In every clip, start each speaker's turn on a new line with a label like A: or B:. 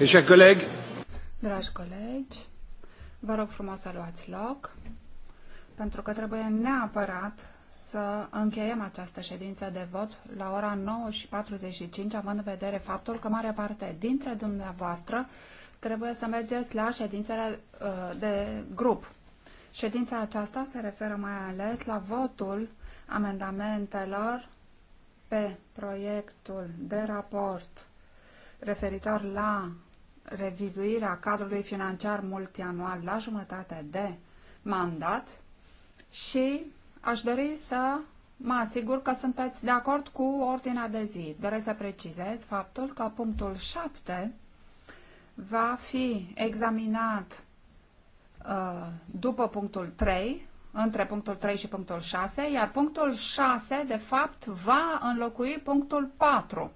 A: Dragi
B: colegi, vă rog frumos să luați loc, pentru că trebuie neapărat să încheiem această ședință de vot la ora 9.45, și 45, având în vedere faptul că mare parte dintre dumneavoastră trebuie să mergeți la ședințele uh, de grup. Ședința aceasta se referă mai ales la votul amendamentelor pe proiectul de raport referitor la revizuirea cadrului financiar multianual la jumătate de mandat și aș dori să mă asigur că sunteți de acord cu ordinea de zi. Doresc să precizez faptul că punctul 7 va fi examinat uh, după punctul 3, între punctul 3 și punctul 6, iar punctul 6, de fapt, va înlocui punctul 4.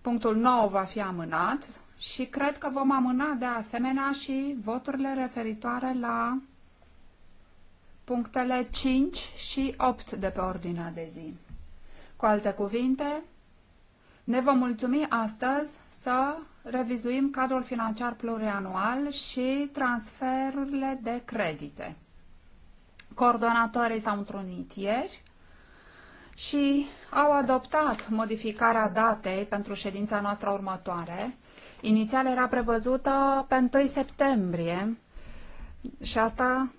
B: Punctul 9 va fi amânat și cred că vom amâna de asemenea și voturile referitoare la punctele 5 și 8 de pe ordinea de zi. Cu alte cuvinte, ne vom mulțumi astăzi să revizuim cadrul financiar plurianual și transferurile de credite. Coordonatorii s-au întrunit ieri și au adoptat modificarea datei pentru ședința noastră următoare, Inițial era prevăzută pe 1 septembrie și asta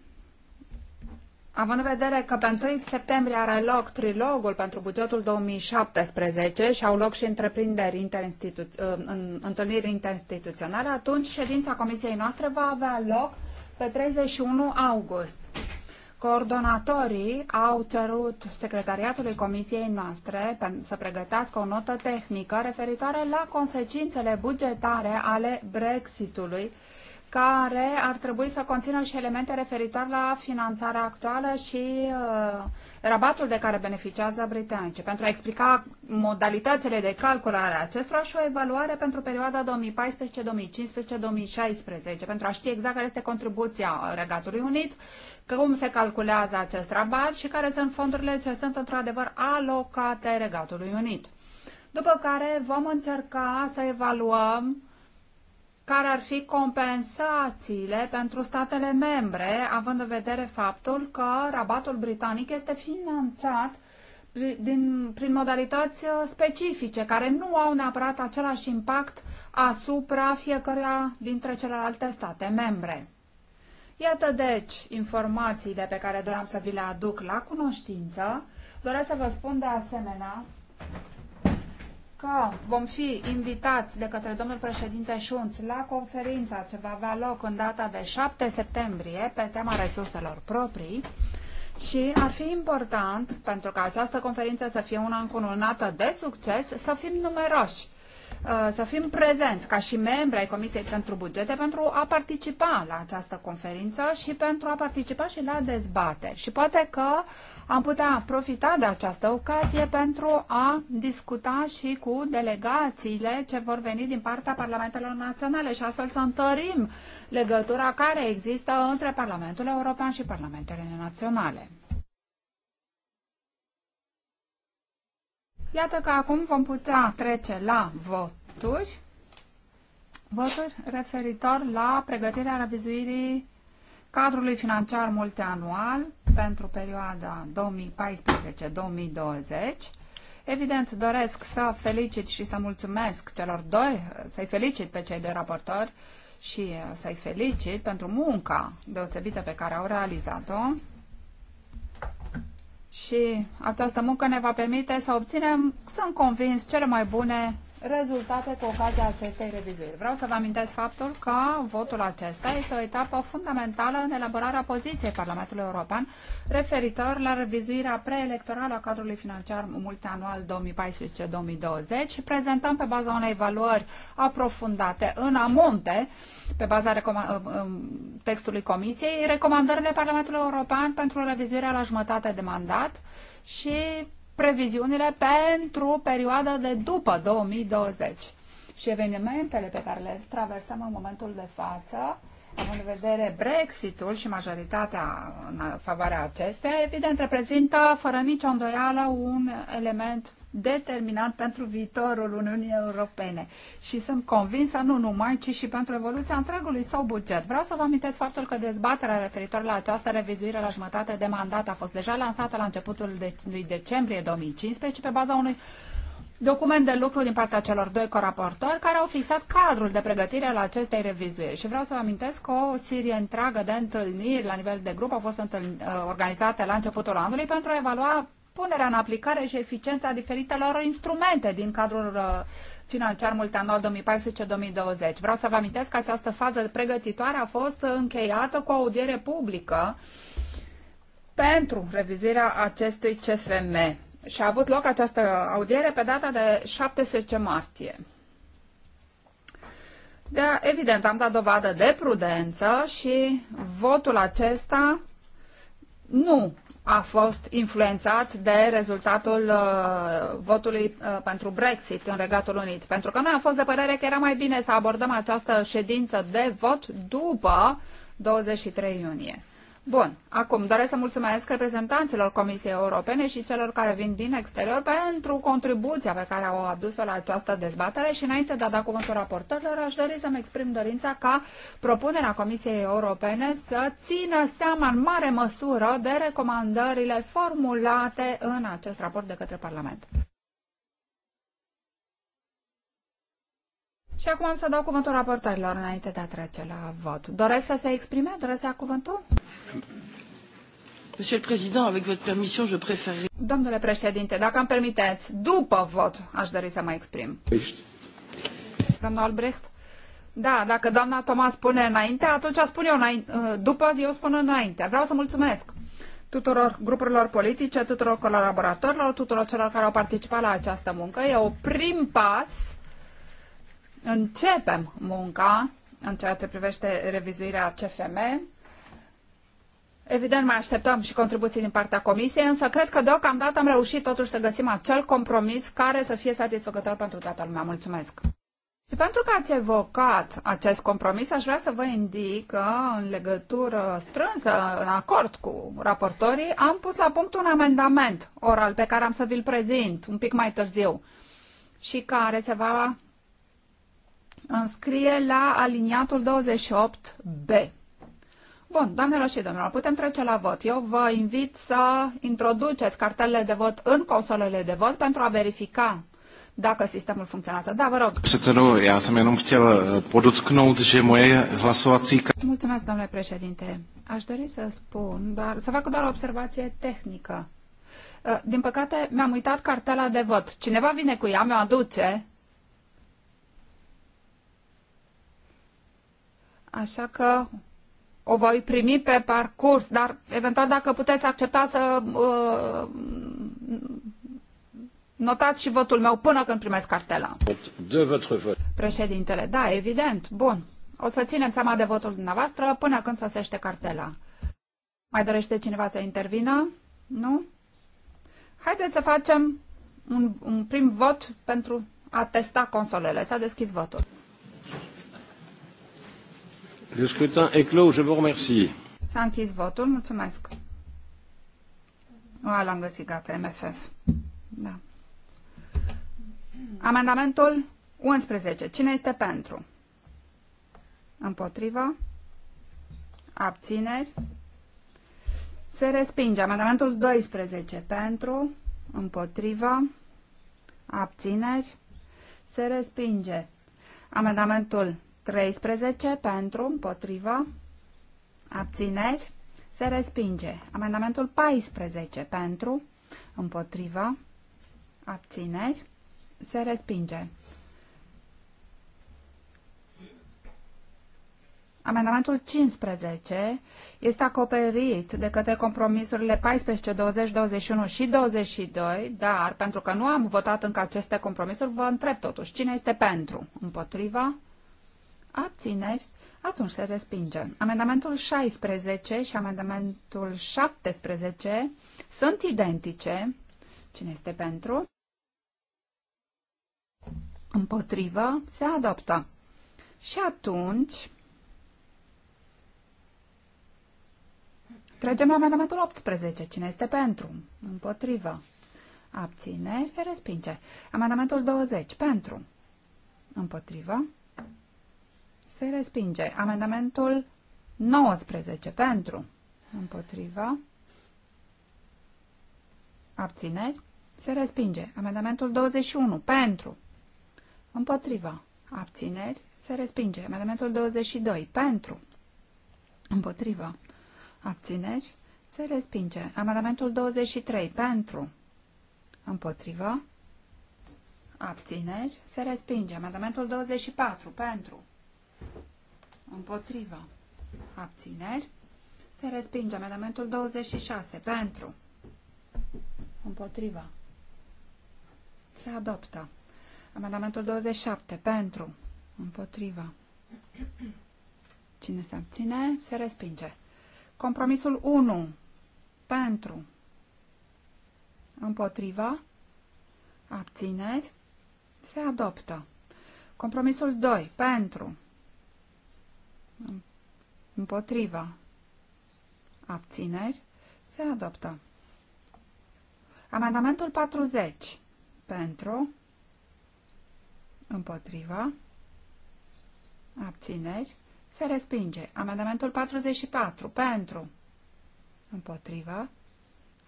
B: Având în vedere că pe 1 septembrie are loc trilogul pentru bugetul 2017 și au loc și întreprinderi interinstitu- uh, în, întâlniri interinstituționale, atunci ședința comisiei noastre va avea loc pe 31 august. Coordonatorii au cerut secretariatului comisiei noastre să pregătească o notă tehnică referitoare la consecințele bugetare ale Brexitului care ar trebui să conțină și elemente referitoare la finanțarea actuală și uh, rabatul de care beneficiază britanice, pentru a explica modalitățile de calcul ale acestora și o evaluare pentru perioada 2014, 2015, 2016, pentru a ști exact care este contribuția Regatului Unit, cum se calculează acest rabat și care sunt fondurile ce sunt într-adevăr alocate Regatului Unit. După care vom încerca să evaluăm care ar fi compensațiile pentru statele membre, având în vedere faptul că rabatul britanic este finanțat din, prin modalități uh, specifice, care nu au neapărat același impact asupra fiecăruia dintre celelalte state membre. Iată deci informațiile pe care doream să vi le aduc la cunoștință. Doresc să vă spun de asemenea că vom fi invitați de către domnul președinte Șunț la conferința ce va avea loc în data de 7 septembrie pe tema resurselor proprii și ar fi important, pentru ca această conferință să fie una încununată de succes, să fim numeroși Uh, să fim prezenți ca și membri ai Comisiei pentru Bugete pentru a participa la această conferință și pentru a participa și la dezbateri. Și poate că am putea profita de această ocazie pentru a discuta și cu delegațiile ce vor veni din partea Parlamentelor Naționale și astfel să întărim legătura care există între Parlamentul European și Parlamentele Naționale. Iată că acum vom putea trece la voturi. Voturi referitor la pregătirea revizuirii cadrului financiar multianual pentru perioada 2014-2020. Evident, doresc să felicit și să mulțumesc celor doi, să-i felicit pe cei doi raportori și să-i felicit pentru munca deosebită pe care au realizat-o și această muncă ne va permite să obținem, sunt convins, cele mai bune rezultate cu ocazia acestei revizuiri. Vreau să vă amintesc faptul că votul acesta este o etapă fundamentală în elaborarea poziției Parlamentului European referitor la revizuirea preelectorală a cadrului financiar multianual 2014-2020. Prezentăm pe baza unei evaluări aprofundate în amonte, pe baza ă, ă, textului Comisiei, recomandările Parlamentului European pentru revizuirea la jumătate de mandat și previziunile pentru perioada de după 2020. Și evenimentele pe care le traversăm în momentul de față Având în vedere Brexitul și majoritatea în favoarea acesteia, evident reprezintă fără nicio îndoială un element determinant pentru viitorul Uniunii Europene. Și sunt convinsă nu numai, ci și pentru evoluția întregului său buget. Vreau să vă amintesc faptul că dezbaterea referitor la această revizuire la jumătate de mandat a fost deja lansată la începutul de, lui decembrie 2015 pe baza unui document de lucru din partea celor doi coraportori care au fixat cadrul de pregătire al acestei revizuiri. Și vreau să vă amintesc că o serie întreagă de întâlniri la nivel de grup au fost uh, organizate la începutul anului pentru a evalua punerea în aplicare și eficiența diferitelor instrumente din cadrul uh, financiar multianual 2014-2020. Vreau să vă amintesc că această fază pregătitoare a fost încheiată cu o audiere publică pentru revizuirea acestui CFM. Și a avut loc această audiere pe data de 17 martie. De, da, evident, am dat dovadă de prudență și votul acesta nu a fost influențat de rezultatul uh, votului uh, pentru Brexit în Regatul Unit. Pentru că noi am fost de părere că era mai bine să abordăm această ședință de vot după 23 iunie. Bun, acum doresc să mulțumesc reprezentanților Comisiei Europene și celor care vin din exterior pentru contribuția pe care au adus-o la această dezbatere și înainte de a da cuvântul raportorilor, aș dori să-mi exprim dorința ca propunerea Comisiei Europene să țină seama în mare măsură de recomandările formulate în acest raport de către Parlament. Și acum am să dau cuvântul raportorilor înainte de a trece la
A: vot. Doresc
B: să se exprime? Doresc să ia cuvântul?
A: Monsieur le Président, avec votre permission, je préférerais...
B: Domnule președinte, dacă îmi permiteți, după vot aș dori să mă exprim. Domnul Albrecht? Da, dacă doamna Toma spune înainte, atunci spun eu înainte, după, eu spun înainte. Vreau să mulțumesc tuturor grupurilor politice, tuturor colaboratorilor, tuturor celor care au participat la această muncă. E un prim pas începem munca în ceea ce privește revizuirea CFM. Evident, mai așteptăm și contribuții din partea Comisiei, însă cred că deocamdată am reușit totuși să găsim acel compromis care să fie satisfăcător pentru toată lumea. Mulțumesc! Și pentru că ați evocat acest compromis, aș vrea să vă indic că în legătură strânsă, în acord cu raportorii, am pus la punct un amendament oral pe care am să vi-l prezint un pic mai târziu și care se va înscrie la aliniatul 28B. Bun, doamnelor și domnilor, putem trece la vot. Eu vă invit să introduceți cartelele de vot în consolele de vot pentru a verifica dacă sistemul funcționează. Da, vă rog.
C: Předsedo, já jsem jenom chtěl eh,
B: podotknout, že moje hlasovací... Mulțumesc, domnule președinte. Aș dori să spun, doar, să fac doar o observație tehnică. Eh, din păcate, mi-am uitat cartela de vot. Cineva vine cu ea, mi-o aduce așa că o voi primi pe parcurs, dar eventual dacă puteți accepta să uh, notați și votul meu până când primesc cartela. De votre vot. Președintele, da, evident, bun. O să ținem seama de votul dumneavoastră până când sosește cartela. Mai dorește cineva să intervină? Nu? Haideți să facem un, un prim vot pentru a testa consolele. S-a deschis votul.
A: Le scrutin est clos. Je vous remercie.
B: S-a închis votul. Mulțumesc. O, l-am găsit, gata, MFF. Da. Amendamentul 11. Cine este pentru? Împotrivă? Abțineri? Se respinge. Amendamentul 12. Pentru? Împotrivă? Abțineri? Se respinge. Amendamentul 13 pentru, împotrivă, abțineri, se respinge. Amendamentul 14 pentru, împotrivă, abțineri, se respinge. Amendamentul 15 este acoperit de către compromisurile 14, 20, 21 și 22, dar pentru că nu am votat încă aceste compromisuri, vă întreb totuși, cine este pentru? Împotriva? abțineri, atunci se respinge. Amendamentul 16 și amendamentul 17 sunt identice. Cine este pentru? Împotrivă, se adoptă. Și atunci Tragem la amendamentul 18. Cine este pentru? Împotrivă. Abține. Se respinge. Amendamentul 20. Pentru. Împotrivă se respinge. Amendamentul 19 pentru, împotriva, abțineri, se respinge. Amendamentul 21 pentru, împotriva, abțineri, se respinge. Amendamentul 22 pentru, împotriva, abțineri, se respinge. Amendamentul 23 pentru, împotriva, abțineri, se respinge. Amendamentul 24 pentru, Împotrivă. Abțineri. Se respinge amendamentul 26. Pentru. Împotrivă. Se adoptă. Amendamentul 27. Pentru. Împotrivă. Cine se abține, se respinge. Compromisul 1. Pentru. Împotrivă. Abțineri. Se adoptă. Compromisul 2. Pentru. Împotriva. Abțineri. Se adoptă. Amendamentul 40. Pentru. Împotriva. Abțineri. Se respinge. Amendamentul 44. Pentru. Împotriva.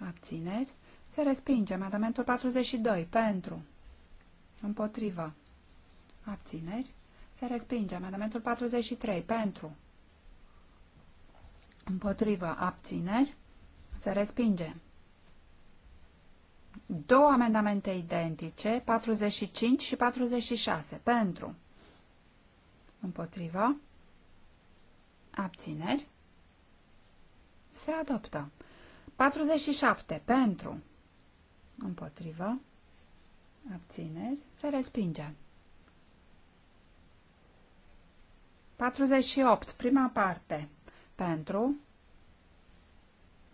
B: Abțineri. Se respinge. Amendamentul 42. Pentru. Împotriva. Abțineri. Se respinge. Amendamentul 43. Pentru. Împotrivă. Abțineri. Se respinge. Două amendamente identice, 45 și 46. Pentru. Împotrivă. Abțineri. Se adoptă. 47. Pentru. Împotrivă. Abțineri. Se respinge. 48, prima parte. Pentru,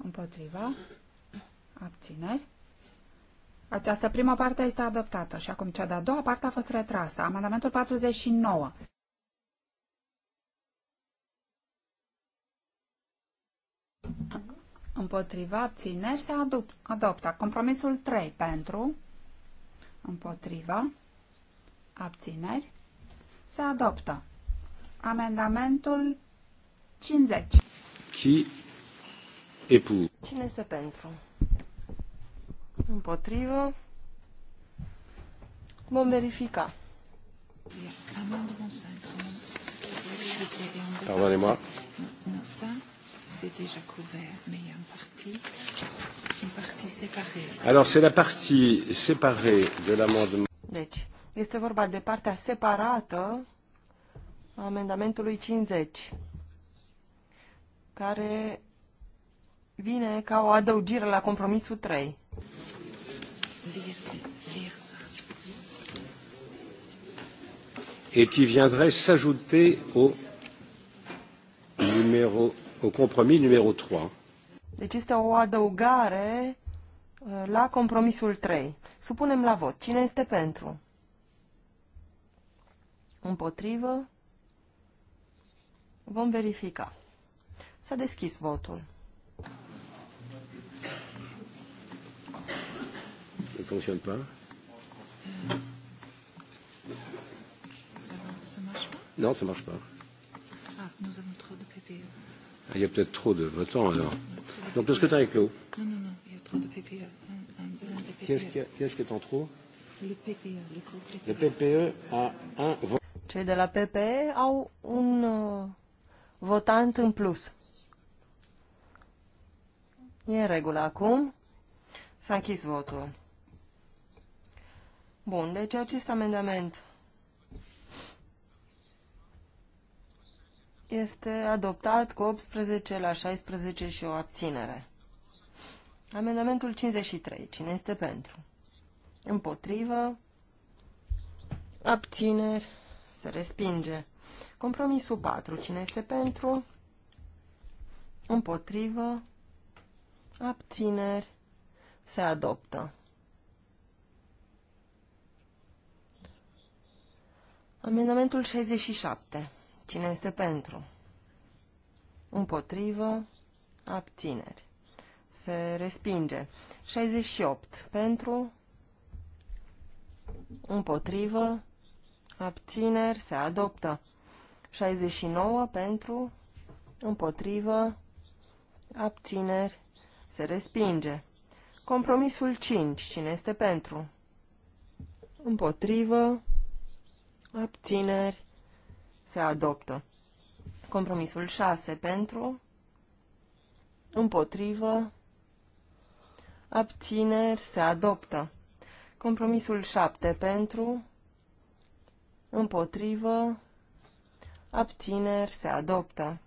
B: împotriva, abțineri. Această prima parte este adoptată și acum cea de-a doua parte a fost retrasă. Amendamentul 49. Împotriva, abțineri, se adoptă. Compromisul 3 pentru, împotriva, abțineri, se adoptă. Amendamentul 50.
A: Chi e pu. Cine este pentru? Împotrivă. Vom verifica. Pardonnez-moi. Ça, c'est déjà
B: couvert, mais il y a une
A: partie, une partie séparée. Alors, c'est la partie séparée de l'amendement. Deci, este vorba de partea separată amendamentului 50, care vine ca o adăugire la compromisul 3. et qui viendrait s'ajouter au, numéro, au compromis numéro 3. Deci este o adăugare uh, la compromisul 3. Supunem la vot. Cine este pentru? Împotrivă? Vom verifica. S-a deschis votul.
B: Ne marche pas Nu, ça marche pas. Ah, nous
C: avons trop de PPE. Ah, il y a peut-être trop de votants alors. Donc le scrutin est clos.
A: Non, non, non, il y a trop de PPE. PPE. Qui
C: est-ce qui, est, en trop
A: Le PPE, le groupe PPE.
C: Le PPE a un vote.
A: Cei de la PPE au un votant în plus. E în regulă acum. S-a închis votul. Bun, deci acest amendament este adoptat cu 18 la 16 și o abținere. Amendamentul 53. Cine este pentru? Împotrivă. Abțineri. Se respinge. Compromisul 4. Cine este pentru? Împotrivă. Abțineri. Se adoptă. Amendamentul 67. Cine este pentru? Împotrivă. Abțineri. Se respinge. 68. Pentru. Împotrivă. Abțineri. Se adoptă. 69 pentru, împotrivă, abțineri, se respinge. Compromisul 5. Cine este pentru? Împotrivă, abțineri, se adoptă. Compromisul 6 pentru, împotrivă, abțineri, se adoptă. Compromisul 7 pentru, împotrivă, abțineri, se adoptă.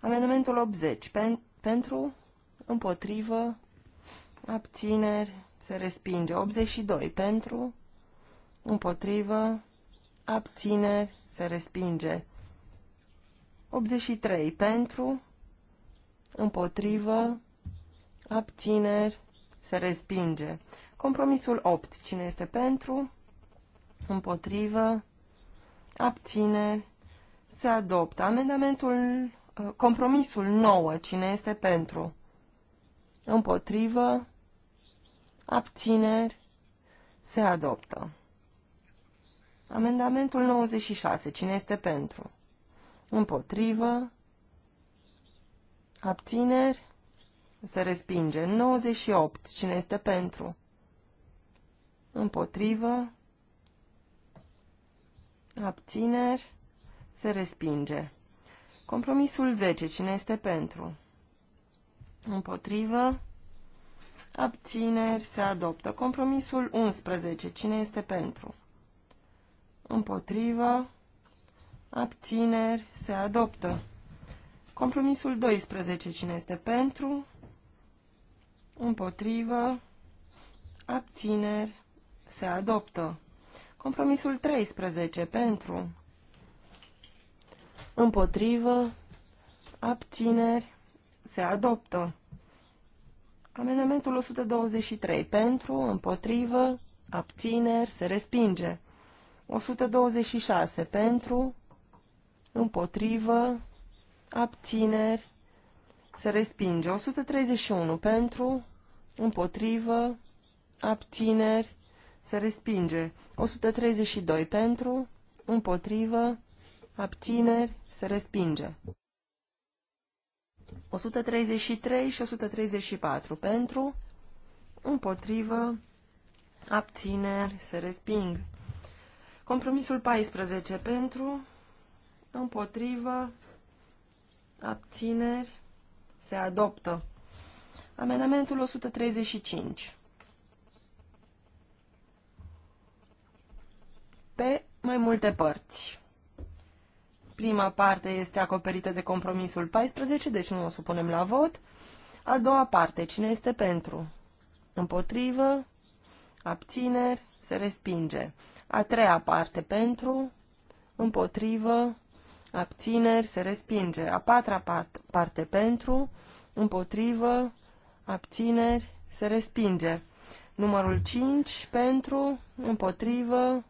A: Amendamentul 80 pen, pentru, împotrivă, abțineri, se respinge. 82 pentru, împotrivă, abțineri, se respinge. 83 pentru, împotrivă, abțineri, se respinge. Compromisul 8. Cine este pentru? Împotrivă, abțineri, se adoptă. Amendamentul, uh, compromisul 9, cine este pentru? Împotrivă, abțineri, se adoptă. Amendamentul 96, cine este pentru? Împotrivă, abțineri, se respinge. 98, cine este pentru? Împotrivă, abțineri, se respinge. Compromisul 10. Cine este pentru? Împotrivă, abțineri, se adoptă. Compromisul 11. Cine este pentru? Împotrivă, abțineri, se adoptă. Compromisul 12. Cine este pentru? Împotrivă, abțineri, se adoptă. Compromisul 13 pentru, împotrivă, abțineri, se adoptă. Amendamentul 123 pentru, împotrivă, abțineri, se respinge. 126 pentru, împotrivă, abțineri, se respinge. 131 pentru, împotrivă, abțineri, se respinge. 132 pentru, împotrivă, abțineri, se respinge. 133 și 134 pentru, împotrivă, abțineri, se resping. Compromisul 14 pentru, împotrivă, abțineri, se adoptă. Amendamentul 135 pe mai multe părți. Prima parte este acoperită de compromisul 14, deci nu o supunem la vot. A doua parte, cine este pentru? Împotrivă, abțineri, se respinge. A treia parte, pentru, împotrivă, abțineri, se respinge. A patra parte, parte pentru, împotrivă, abțineri, se respinge. Numărul 5, pentru, împotrivă,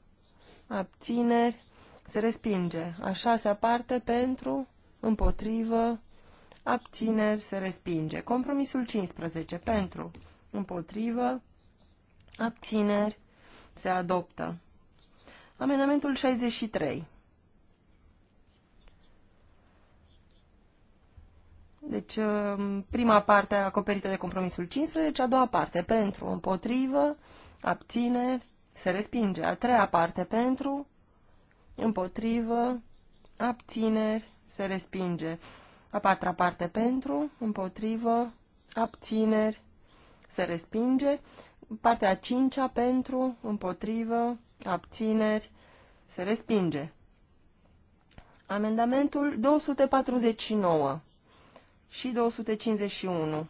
A: abțineri, se respinge. A șasea parte pentru, împotrivă, abțineri, se respinge. Compromisul 15 pentru, împotrivă, abțineri, se adoptă. Amendamentul 63. Deci, um, prima parte acoperită de compromisul 15, a doua parte pentru, împotrivă, abțineri, se respinge. A treia parte pentru, împotrivă, abțineri, se respinge. A patra parte pentru, împotrivă, abțineri, se respinge. Partea a cincea pentru, împotrivă, abțineri, se respinge. Amendamentul 249 și 251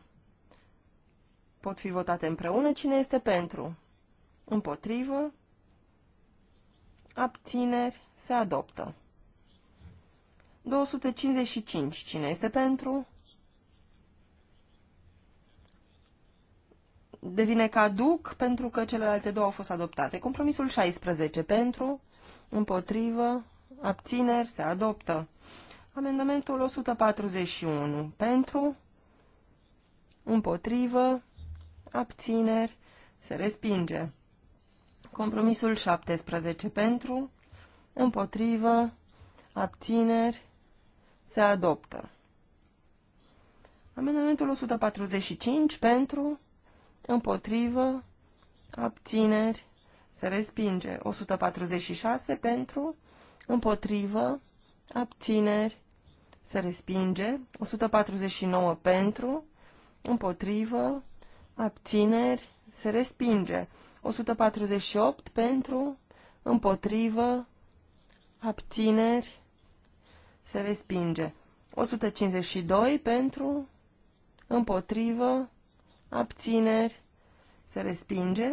A: pot fi votate împreună. Cine este pentru? împotrivă, abțineri, se adoptă. 255. Cine este pentru? Devine caduc pentru că celelalte două au fost adoptate. Compromisul 16. Pentru, împotrivă, abțineri, se adoptă. Amendamentul 141. Pentru, împotrivă, abțineri, se respinge. Compromisul 17 pentru, împotrivă, abțineri, se adoptă. Amendamentul 145 pentru, împotrivă, abțineri, se respinge. 146 pentru, împotrivă, abțineri, se respinge. 149 pentru, împotrivă, abțineri, se respinge. 148 pentru, împotrivă, abțineri, se respinge. 152 pentru, împotrivă, abțineri, se respinge.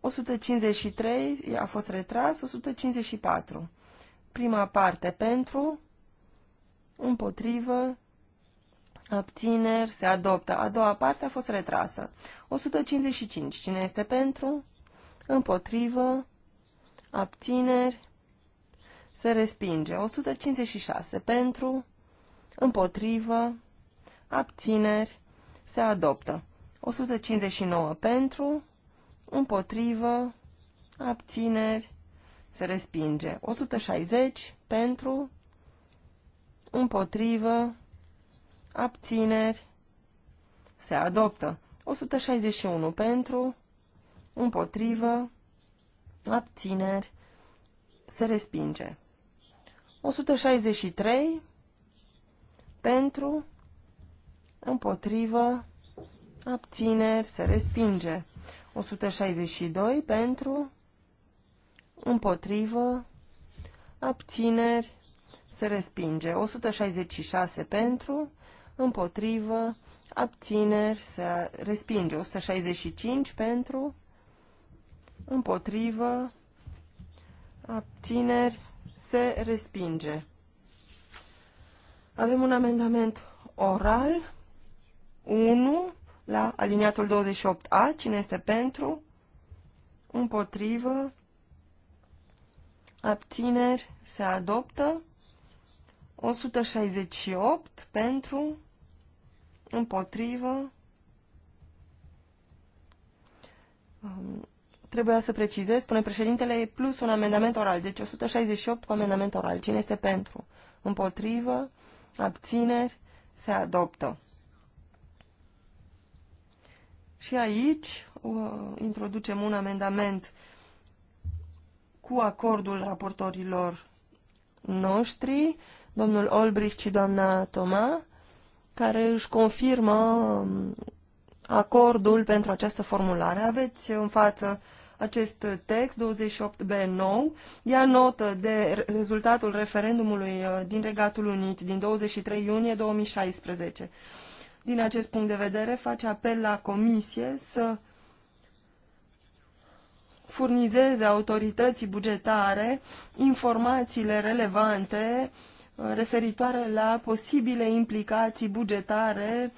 A: 153 a fost retras, 154. Prima parte pentru, împotrivă, Abțineri se adoptă. A doua parte a fost retrasă. 155. Cine este pentru? Împotrivă. Abțineri. Se respinge. 156. Pentru. Împotrivă. Abțineri. Se adoptă. 159. Pentru. Împotrivă. Abțineri. Se respinge. 160. Pentru. Împotrivă abțineri, se adoptă. 161 pentru, împotrivă, abțineri, se respinge. 163 pentru, împotrivă, abțineri, se respinge. 162 pentru, împotrivă, abțineri, se respinge. 166 pentru, împotrivă, abțineri, se respinge. 165 pentru, împotrivă, abțineri, se respinge. Avem un amendament oral 1 la aliniatul 28A. Cine este pentru? Împotrivă? Abțineri? Se adoptă? 168 pentru? împotrivă. Um, trebuia să precizez, spune președintele, plus un amendament oral, deci 168 cu amendament oral. Cine este pentru? Împotrivă, abțineri, se adoptă. Și aici uh, introducem un amendament cu acordul raportorilor noștri, domnul Olbrich și doamna Toma, care își confirmă um, acordul pentru această formulare. Aveți în față acest text 28B9 ia notă de rezultatul referendumului uh, din Regatul Unit din 23 iunie 2016. Din acest punct de vedere face apel la Comisie să furnizeze autorității bugetare informațiile relevante uh, referitoare la posibile implicații bugetare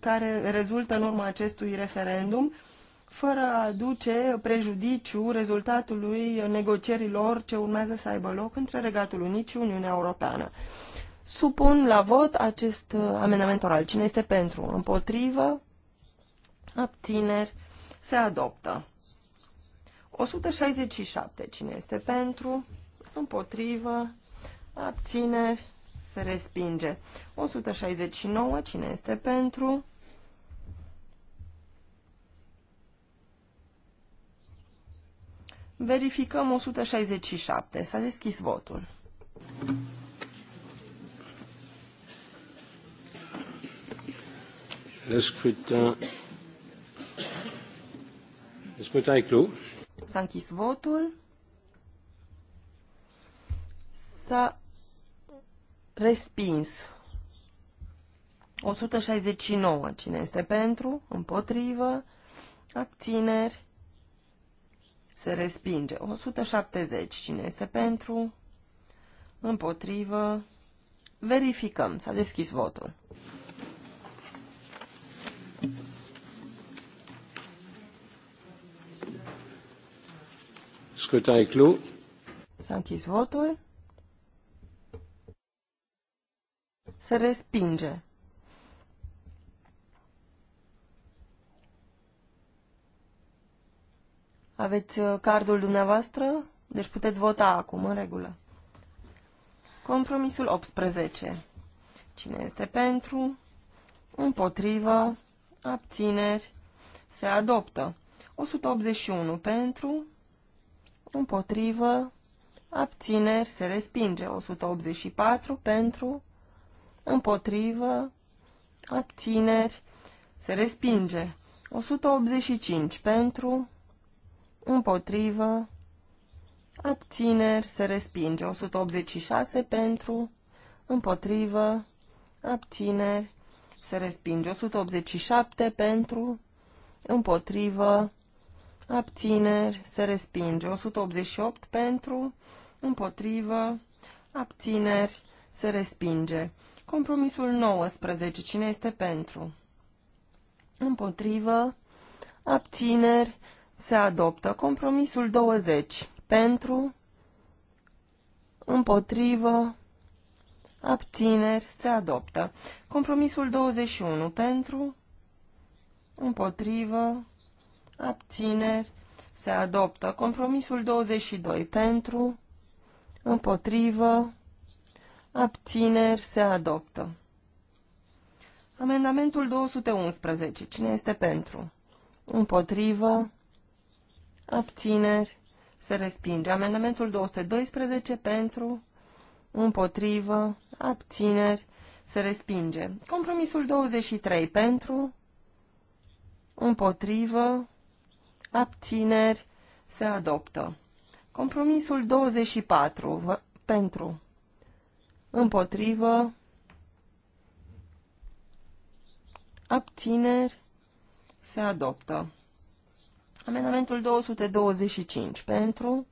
A: care rezultă în urma acestui referendum, fără a aduce prejudiciu rezultatului negocierilor ce urmează să aibă loc între Regatul Unit și Uniunea Europeană. Supun la vot acest uh, amendament oral. Cine este pentru? Împotrivă? Abțineri? Se adoptă. 167. Cine este pentru? Împotrivă? abțineri, se respinge. 169, cine este pentru? Verificăm 167. S-a deschis votul. Le scrutin. Le scrutin e clos. S-a închis votul. S-a Respins. 169. Cine este pentru? Împotrivă. Abțineri. Se respinge. 170. Cine este pentru? Împotrivă. Verificăm. S-a deschis votul.
C: Scrutin clos.
A: S-a închis votul. se respinge. Aveți uh, cardul dumneavoastră? Deci puteți vota acum, în regulă. Compromisul 18. Cine este pentru? Împotrivă? Abțineri? Se adoptă. 181 pentru? Împotrivă? Abțineri? Se respinge. 184 pentru? împotrivă, abțineri, se respinge. 185 pentru, împotrivă, abțineri, se respinge. 186 pentru, împotrivă, abțineri, se respinge. 187 pentru, împotrivă, abțineri, se respinge. 188 pentru, împotrivă, abțineri, se respinge. Compromisul 19. Cine este pentru? Împotrivă. Abțineri. Se adoptă. Compromisul 20. Pentru. Împotrivă. Abțineri. Se adoptă. Compromisul 21. Pentru. Împotrivă. Abțineri. Se adoptă. Compromisul 22. Pentru. Împotrivă. Abțineri se adoptă. Amendamentul 211. Cine este pentru? Împotrivă. Abțineri se respinge. Amendamentul 212 pentru, împotrivă, abțineri se respinge. Compromisul 23 pentru, împotrivă, abțineri se adoptă. Compromisul 24 pentru, împotrivă, abțineri, se adoptă. Amendamentul 225 pentru,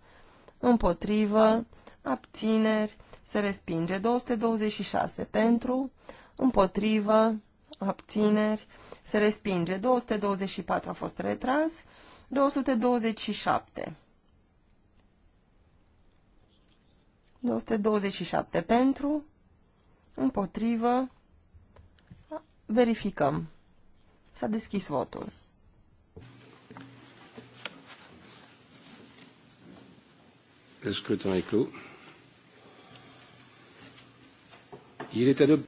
A: împotrivă, abțineri, se respinge. 226 pentru, împotrivă, abțineri, se respinge. 224 a fost retras. 227 227 pentru, împotrivă, verificăm. S-a deschis votul.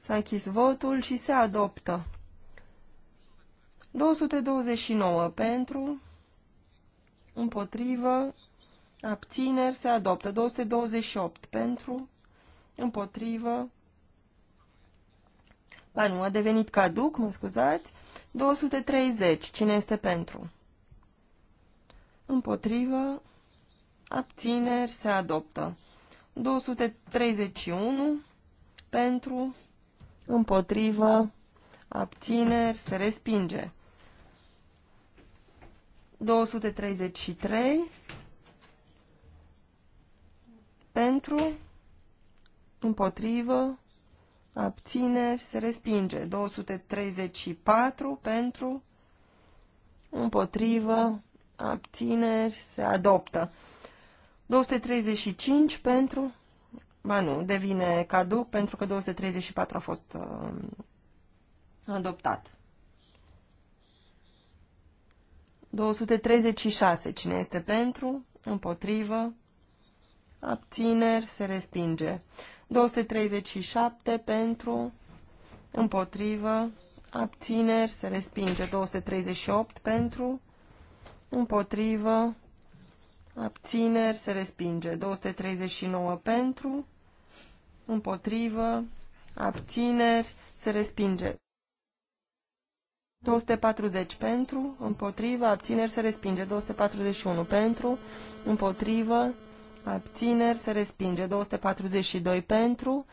A: S-a închis votul și se adoptă. 229 pentru, împotrivă, Abțineri se adoptă. 228 pentru, împotrivă. Ba nu, a devenit caduc, mă scuzați. 230, cine este pentru? Împotrivă, abțineri se adoptă. 231 pentru, împotrivă, abțineri se respinge. 233 pentru, împotrivă, abțineri, se respinge. 234 pentru, împotrivă, abțineri, se adoptă. 235 pentru, ba nu, devine caduc pentru că 234 a fost uh, adoptat. 236, cine este pentru, împotrivă, abțineri, se respinge. 237 pentru, împotrivă, abțineri, se respinge. 238 pentru, împotrivă, abțineri, se respinge. 239 pentru, împotrivă, abțineri, se respinge. 240 pentru, împotrivă, abțineri se respinge. 241 pentru, împotrivă, abțineri, se respinge. 242 pentru,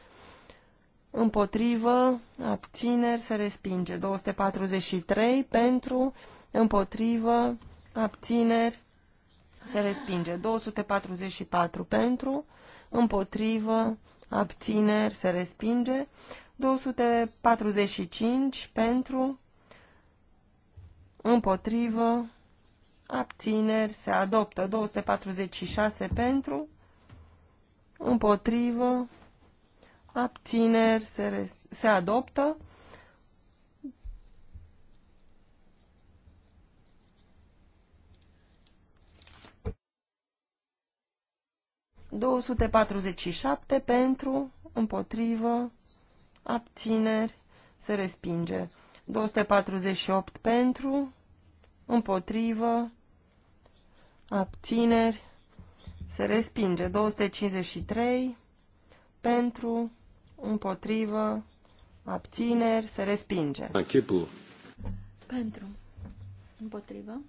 A: împotrivă, abțineri, se respinge. 243 pentru, împotrivă, abțineri, se respinge. 244 pentru, împotrivă, abțineri, se respinge. 245 pentru, împotrivă, abțineri se adoptă. 246 pentru, împotrivă, abțineri se, se adoptă. 247 pentru, împotrivă, abțineri, se respinge. 248 pentru, împotrivă, abțineri, se respinge. 253 pentru, împotrivă, abțineri, se respinge. Achipul. Pentru, împotrivă,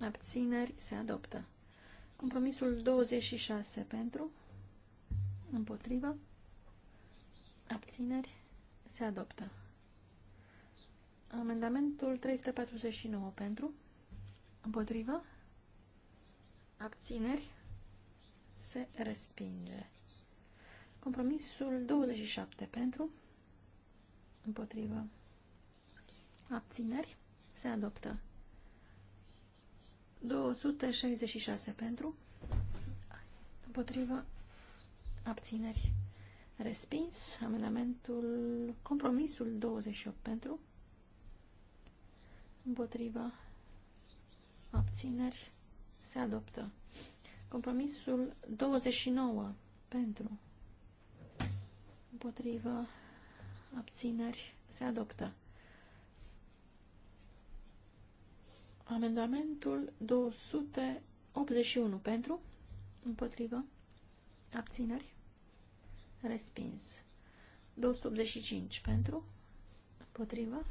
C: abțineri, se adoptă. Compromisul 26 pentru, împotrivă, abțineri, se adoptă. Amendamentul 349 pentru, împotrivă, abțineri, se respinge. Compromisul 27 pentru, împotrivă, abțineri, se adoptă. 266 pentru, împotrivă, abțineri, respins. Amendamentul, compromisul 28 pentru, împotriva, abțineri, se adoptă. Compromisul 29 pentru, împotriva, abțineri, se adoptă. Amendamentul 281 pentru, Împotriva. abțineri, respins. 285 pentru, Împotriva.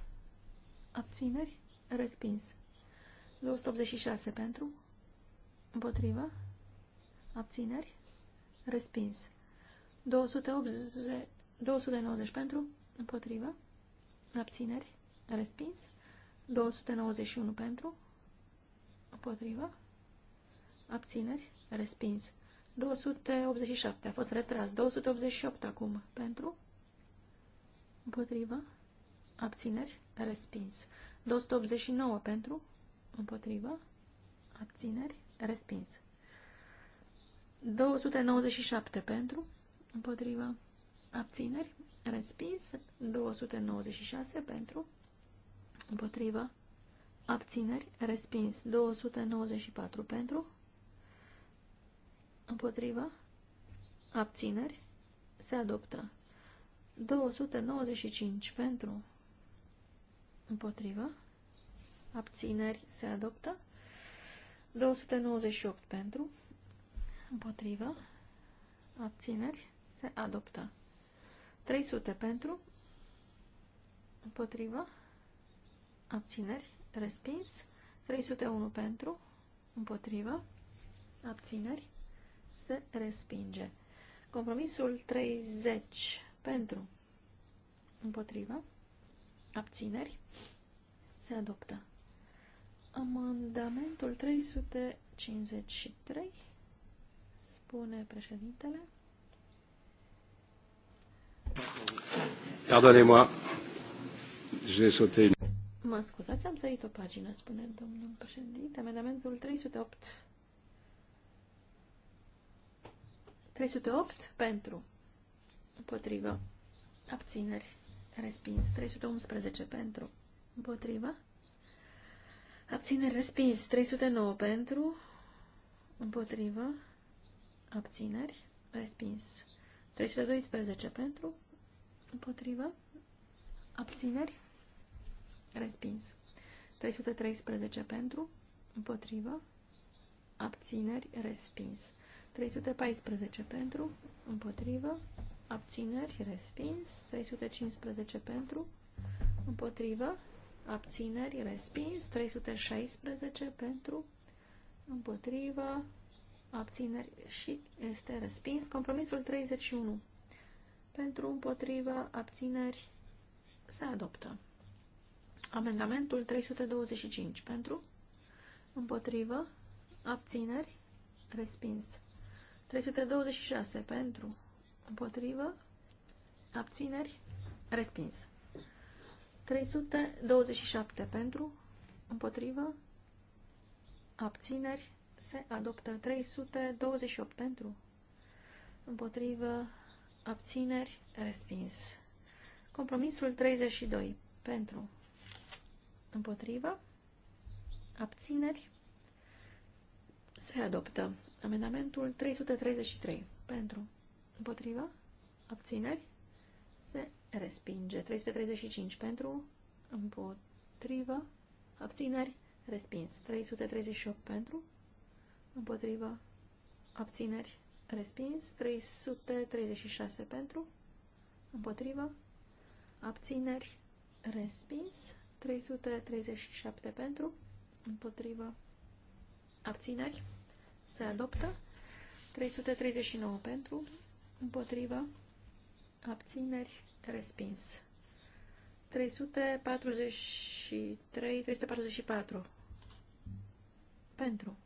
C: abțineri, Respins. 286 pentru. Împotrivă. Abțineri. Respins. 280, 290 pentru. Împotrivă. Abțineri. Respins. 291 pentru. Împotrivă. Abțineri. Respins. 287 a fost retras. 288 acum pentru. Împotrivă. Abțineri. Respins. 289 pentru, împotrivă, abțineri, respins. 297 pentru, împotrivă, abțineri, respins. 296 pentru, împotrivă, abțineri, respins. 294 pentru, împotrivă, abțineri, se adoptă. 295 pentru, Împotrivă. Abțineri se adoptă. 298 pentru. Împotrivă. Abțineri se adoptă. 300 pentru. Împotrivă. Abțineri. Respins. 301 pentru. Împotrivă. Abțineri. Se respinge. Compromisul 30 pentru. Împotrivă abțineri, se adoptă. Amendamentul 353, spune președintele.
A: Pardonnez-moi, j'ai sauté.
C: Mă scuzați, am sărit o pagină, spune domnul președinte. Amendamentul 308. 308 pentru. Împotrivă. Abțineri. Respins. 311 pentru. Împotriva. Abțineri. Respins. 309 pentru. Împotriva. Abțineri. Respins. 312 pentru. Împotriva. Abțineri. Respins. 313 pentru. Împotriva. Abțineri. Respins. 314 pentru. Împotriva abțineri, respins, 315 pentru, împotrivă, abțineri, respins, 316 pentru, împotrivă, abțineri și este respins. Compromisul 31 pentru, împotrivă, abțineri, se adoptă. Amendamentul 325 pentru, împotrivă, abțineri, respins. 326 pentru, Împotrivă. Abțineri. Respins. 327 pentru. Împotrivă. Abțineri. Se adoptă 328 pentru. Împotrivă. Abțineri. Respins. Compromisul 32 pentru. Împotrivă. Abțineri. Se adoptă. Amendamentul 333 pentru. Împotrivă? Abțineri? Se respinge. 335 pentru? Împotrivă? Abțineri? Respins. 338 pentru? Împotrivă? Abțineri? Respins. 336 pentru? Împotrivă? Abțineri? Respins. 337 pentru? Împotrivă? Abțineri? Se adoptă. 339 pentru, împotrivă, abțineri, respins. 343, 344 pentru,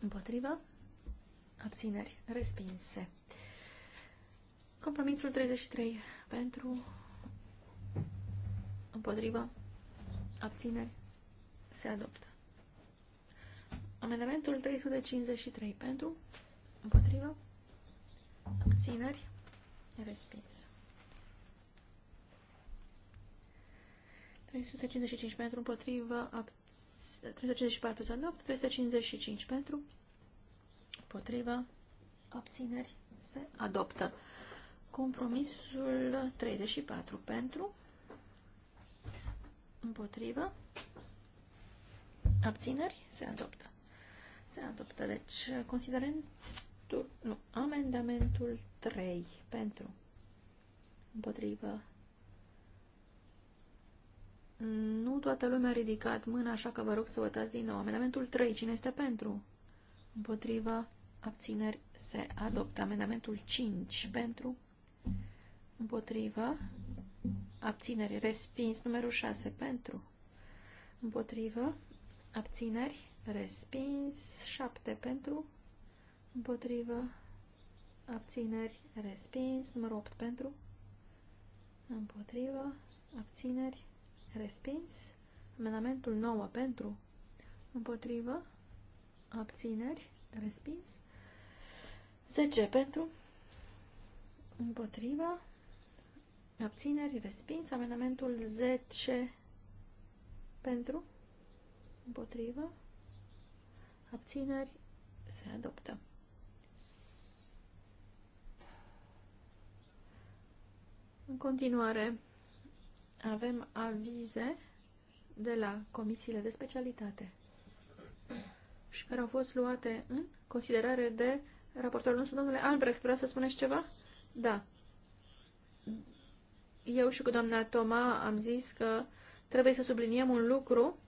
C: împotrivă, abțineri, respinse. Compromisul 33 pentru, împotrivă, abțineri, se adoptă. Amendamentul 353 pentru, Împotrivă. Țineri? Respins. 355 pentru împotrivă, 354 pentru 8, 355 pentru împotrivă, abțineri se adoptă. Compromisul 34 pentru împotrivă, abțineri se adoptă. Se adoptă, deci considerând Amendamentul, nu, amendamentul 3 pentru împotrivă. Nu toată lumea a ridicat mâna, așa că vă rog să votați din nou. Amendamentul 3, cine este pentru? Împotrivă, abțineri, se adoptă. Amendamentul 5, pentru? Împotrivă, abțineri, respins. Numărul 6, pentru? Împotrivă, abțineri, respins. 7, pentru? Împotrivă. Abțineri. Respins. Numărul 8 pentru. Împotrivă. Abțineri. Respins. Amendamentul 9 pentru. Împotrivă. Abțineri. Respins. 10 pentru. Împotrivă. Abțineri. Respins. Amendamentul 10 pentru. Împotrivă. Abțineri. Se adoptă. În continuare, avem avize de la comisiile de specialitate și care au fost luate în considerare de raportorul nostru, domnule Albrecht. Vreau să spuneți ceva? Da. Eu și cu doamna Toma am zis că trebuie să subliniem un lucru,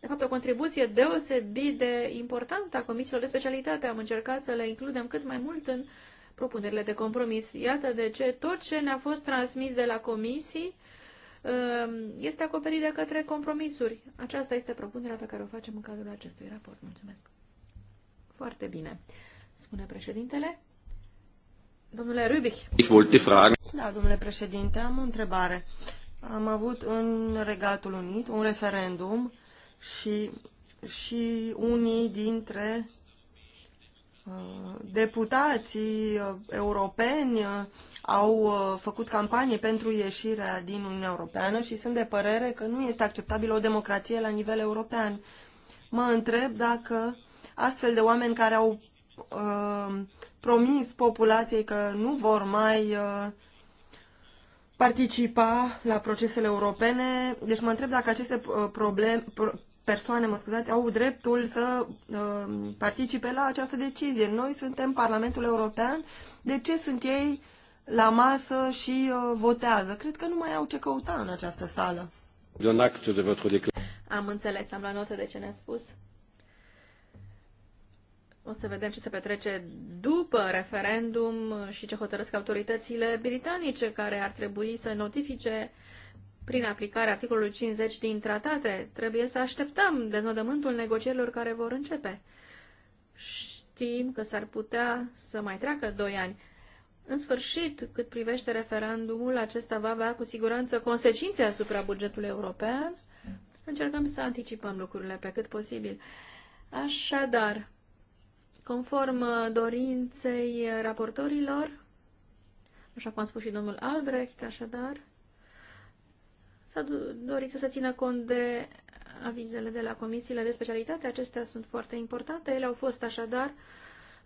C: de fapt o contribuție deosebit de importantă a comisiilor de specialitate. Am încercat să le includem cât mai mult în uh, propunerile de compromis. Iată de ce tot ce ne-a fost transmis de la comisii um, este acoperit de către compromisuri. Aceasta este propunerea pe care o facem în cadrul acestui raport. Mulțumesc. Foarte bine, spune președintele.
A: Domnule Rubich. Da, domnule președinte, am o întrebare. Am avut în Regatul Unit un referendum și, și unii dintre deputații uh, europeni uh, au uh, făcut campanie pentru ieșirea din Uniunea Europeană și sunt de părere că nu este acceptabilă o democrație la nivel european. Mă întreb dacă astfel de oameni care au uh, promis populației că nu vor mai uh, participa la procesele europene, deci mă întreb dacă aceste probleme, persoane, mă scuzați, au dreptul să uh, participe la această decizie. Noi suntem Parlamentul European, de ce sunt ei la masă și uh, votează? Cred că nu mai au ce căuta în această sală. Am înțeles, am luat notă de ce ne a spus.
C: O să vedem ce se petrece după referendum și ce hotărăsc autoritățile britanice care ar trebui să notifice uh, prin aplicarea articolului 50 din tratate. Trebuie să așteptăm deznodământul negocierilor care vor începe. Știm că s-ar putea să mai treacă doi ani. În sfârșit, cât privește referendumul, acesta va avea cu siguranță consecințe asupra bugetului european. Încercăm să anticipăm lucrurile pe cât posibil. Așadar, conform dorinței raportorilor, așa cum a spus și domnul Albrecht, așadar, S-a dorit să se țină cont de avizele de la comisiile de specialitate. Acestea sunt foarte importante. Ele au fost așadar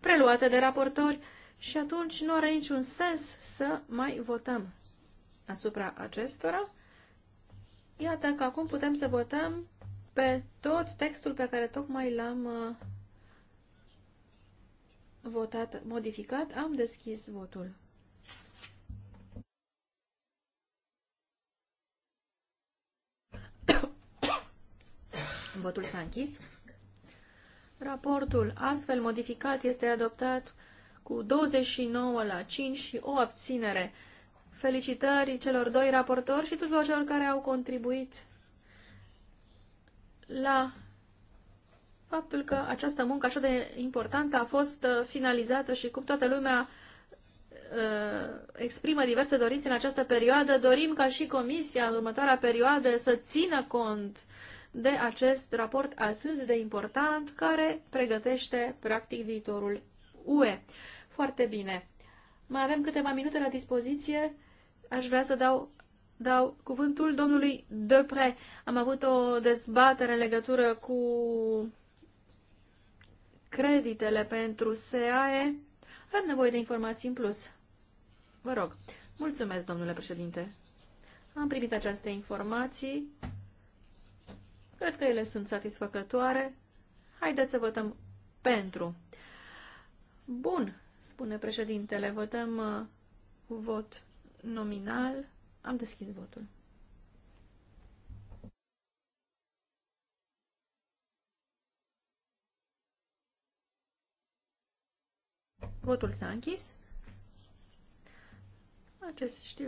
C: preluate de raportori și atunci nu are niciun sens să mai votăm asupra acestora. Iată că acum putem să votăm pe tot textul pe care tocmai l-am uh, votat modificat. Am deschis votul. Votul s-a închis. Raportul astfel modificat este adoptat cu 29 la 5 și o abținere. Felicitări celor doi raportori și tuturor celor care au contribuit la faptul că această muncă așa de importantă a fost uh, finalizată și cum toată lumea uh, exprimă diverse dorințe în această perioadă, dorim ca și Comisia în următoarea perioadă să țină cont uh, de acest raport atât de important care pregătește practic viitorul UE. Foarte bine. Mai avem câteva minute la dispoziție. Aș vrea să dau, dau cuvântul domnului Depre. Am avut o dezbatere în legătură cu creditele pentru SAE. Avem nevoie de informații în plus. Vă rog. Mulțumesc, domnule președinte. Am primit aceste informații Cred că ele sunt satisfăcătoare. Haideți să votăm pentru. Bun, spune președintele, votăm uh, vot nominal. Am deschis votul. Votul s-a închis. Aceste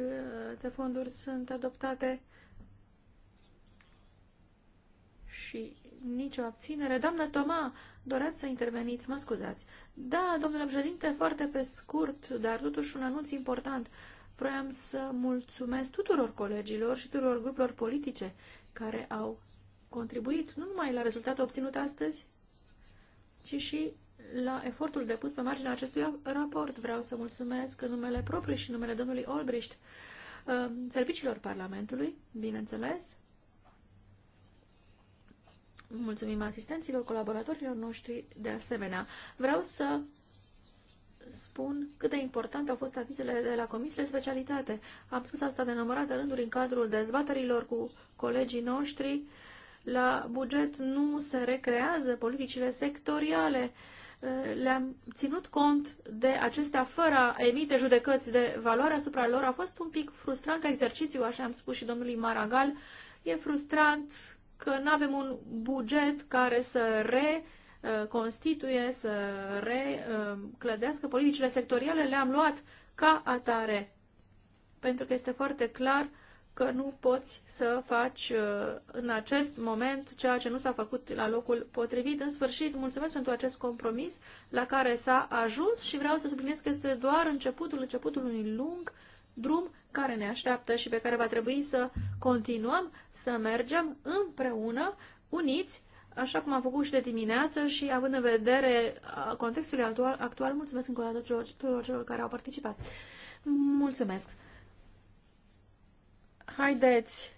C: fonduri sunt adoptate și nicio abținere. Doamnă Toma, doreați să interveniți, mă scuzați. Da, domnule președinte, foarte pe scurt, dar totuși un anunț important. Vroiam să mulțumesc tuturor colegilor și tuturor grupurilor politice care au contribuit nu numai la rezultatul obținut astăzi, ci și la efortul depus pe marginea acestui raport. Vreau să mulțumesc în numele propriu și în numele domnului Olbricht uh, serviciilor Parlamentului, bineînțeles, Mulțumim asistenților, colaboratorilor noștri de asemenea. Vreau să spun cât de importante au fost avizele de la comisiile specialitate. Am spus asta de numărate rânduri în cadrul dezbaterilor cu colegii noștri. La buget nu se recrează politicile sectoriale. Le-am ținut cont de acestea fără a emite judecăți de valoare asupra lor. A fost un pic frustrant ca exercițiu, așa am spus și domnului Maragal. E frustrant că nu avem un buget care să reconstituie, să reclădească politicile sectoriale, le-am luat ca atare. Pentru că este foarte clar că nu poți să faci uh, în acest moment ceea ce nu s-a făcut la locul potrivit. În sfârșit, mulțumesc pentru acest compromis la care s-a ajuns și vreau să subliniez că este doar începutul, începutul unui lung drum care ne așteaptă și pe care va trebui să continuăm să mergem împreună, uniți, așa cum am făcut și de dimineață și având în vedere contextul actual, actual mulțumesc încă o dată tuturor, celor care au participat. Mulțumesc! Haideți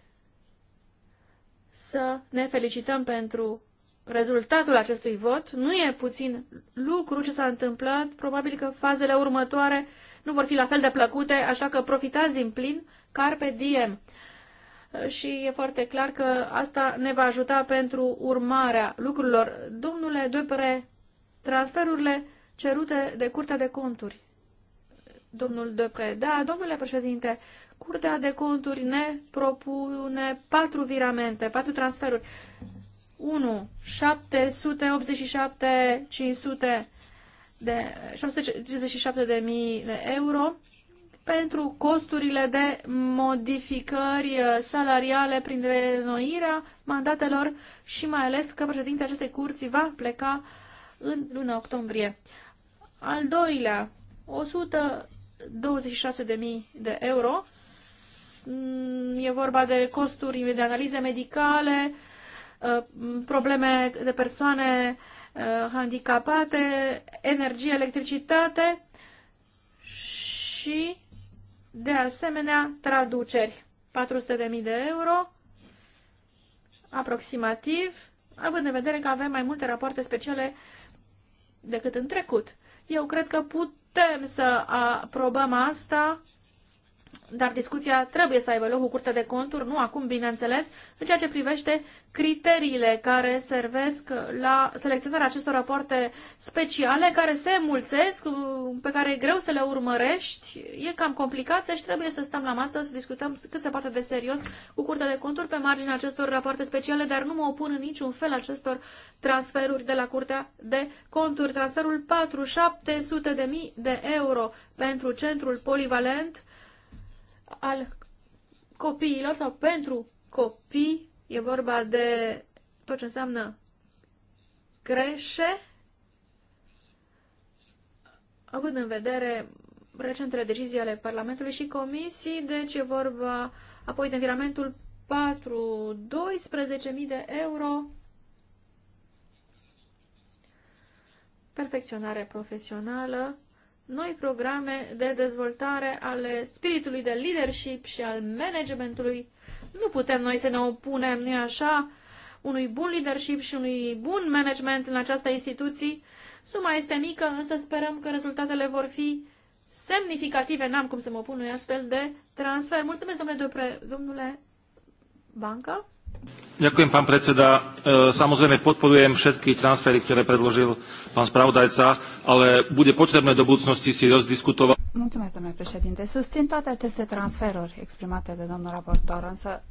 C: să ne felicităm pentru rezultatul acestui vot. Nu e puțin lucru ce s-a întâmplat, probabil că fazele următoare nu vor fi la fel de plăcute, așa că profitați din plin Carpe Diem. Și e foarte clar că asta ne va ajuta pentru urmarea lucrurilor. Domnule Dupre, transferurile cerute de Curtea de Conturi. Domnul Dupre, da, domnule președinte, Curtea de Conturi ne propune patru viramente, patru transferuri. 1. 787 500 de 657.000 de euro pentru costurile de modificări uh, salariale prin renoirea mandatelor și mai ales că președintele acestei curți va pleca în luna octombrie. Al doilea, 126.000 de euro. Mm, e vorba de costuri de analize medicale, uh, probleme de persoane Uh, handicapate, energie, electricitate și, de asemenea, traduceri. 400.000 de euro, aproximativ, având în vedere că avem mai multe rapoarte speciale decât în trecut. Eu cred că putem să aprobăm asta dar discuția trebuie să aibă loc cu Curtea de Conturi, nu acum, bineînțeles, în ceea ce privește criteriile care servesc la selecționarea acestor rapoarte speciale, care se mulțesc, pe care e greu să le urmărești, e cam complicat, deci trebuie să stăm la masă, să discutăm cât se poate de serios cu Curtea de Conturi pe marginea acestor rapoarte speciale, dar nu mă opun în niciun fel acestor transferuri de la Curtea de Conturi. Transferul 4, 700 de mii de euro pentru centrul polivalent, al copiilor sau pentru copii, e vorba de tot ce înseamnă creșe, având în vedere recentele decizii ale Parlamentului și Comisii, deci e vorba apoi de viramentul 4, 12.000 de euro, perfecționare profesională, noi programe de dezvoltare ale spiritului de leadership și al managementului. Nu putem noi să ne opunem, nu i așa, unui bun leadership și unui bun management în această instituție. Suma este mică, însă sperăm că rezultatele vor fi semnificative. N-am cum să mă opun unui astfel de transfer. Mulțumesc, domnule, domnule
B: Banca.
A: Ďakujem, pán predseda. Samozrejme, podporujem všetky transfery, ktoré predložil pán spravodajca, ale bude potrebné do budúcnosti si rozdiskutovať.
B: Mulțumesc, domnule președinte. Susțin toate aceste transferuri exprimate de domnul raportor, însă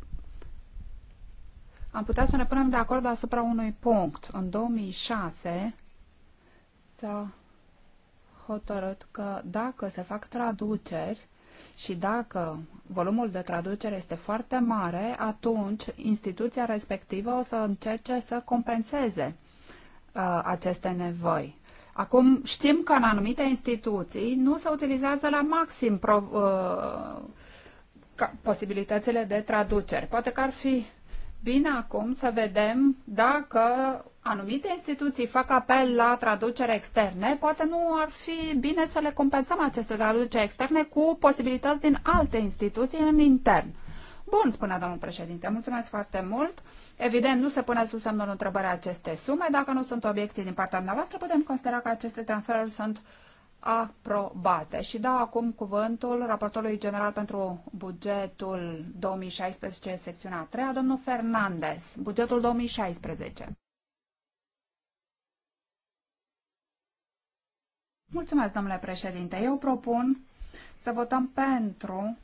B: am putea să ne punem de acord asupra unui punct. În 2006 s-a hotărât că dacă se fac traduceri, și dacă volumul de traducere este foarte mare, atunci instituția respectivă o să încerce să compenseze uh, aceste nevoi. Acum știm că în anumite instituții nu se utilizează la maxim pro, uh, posibilitățile de traducere. Poate că ar fi bine acum să vedem dacă anumite instituții fac apel la traducere externe, poate nu ar fi bine să le compensăm aceste traduceri externe cu posibilități din alte instituții în intern. Bun, spunea domnul președinte, mulțumesc foarte mult. Evident, nu se pune sub semnul întrebării aceste sume. Dacă nu sunt obiecții din partea dumneavoastră, putem considera că aceste transferuri sunt aprobate. Și dau acum cuvântul raportorului general pentru bugetul 2016, secțiunea 3, domnul Fernandez, bugetul 2016. Mulțumesc, domnule președinte. Eu propun să votăm pentru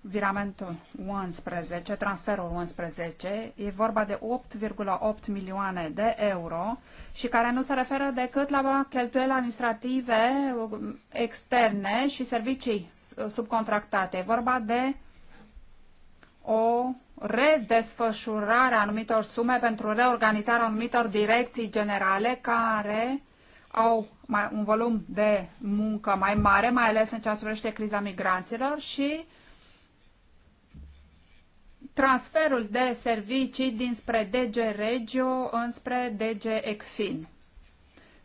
B: viramentul 11, transferul 11, e vorba de 8,8 milioane de euro și care nu se referă decât la cheltuieli administrative um, externe și servicii uh, subcontractate. E vorba de o redesfășurare a anumitor sume pentru reorganizarea anumitor direcții generale care au mai, un volum de muncă mai mare, mai ales în ceea ce privește criza migranților și transferul de servicii dinspre DG Regio înspre DG ECFIN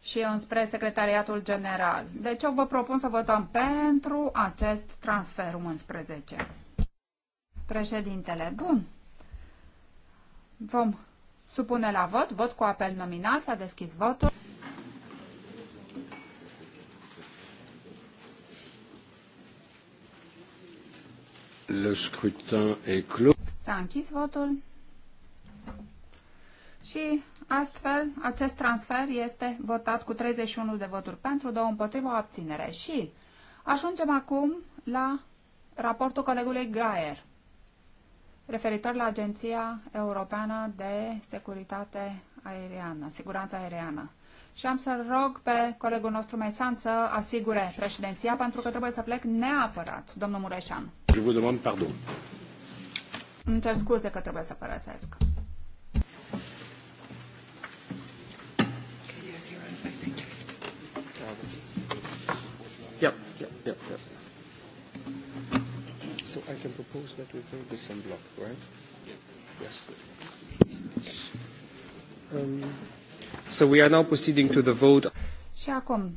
B: și înspre Secretariatul General. Deci eu vă propun să votăm pentru acest transfer 11. Președintele, bun. Vom supune la vot, vot cu apel nominal, s-a deschis votul.
A: Le scrutin est clos.
B: S-a închis votul. Și astfel, acest transfer este votat cu 31 de voturi pentru, 2 împotriva, o abținere. Și ajungem acum la raportul colegului Gaier, referitor la Agenția Europeană de Securitate Aeriană, Siguranță Aeriană. Și am să rog pe colegul nostru Mesan să asigure președinția, pentru că trebuie să plec neapărat, domnul Mureșan. Je vous demande pardon. Îmi cer scuze că trebuie să părăsesc. Yep, yep,
C: So we are now proceeding to the vote.
B: Și acum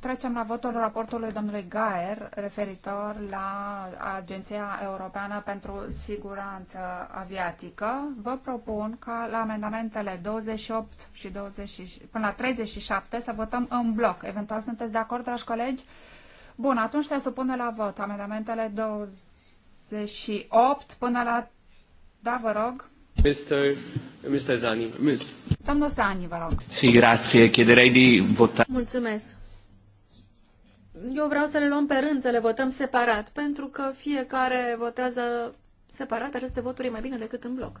B: trecem la votul raportului domnului Gaer referitor la Agenția Europeană pentru Siguranță Aviatică. Vă propun ca la amendamentele 28 și 20, până la 37 să votăm în bloc. Eventual sunteți de acord, dragi colegi? Bun, atunci se supune la vot amendamentele 28 până la... Da, vă rog. Domnul Zani, vă rog.
A: Si, Chiederei
C: Mulțumesc. Eu vreau să le luăm pe rând, să le votăm separat, pentru că fiecare votează separat aceste voturi e mai bine decât în
A: bloc.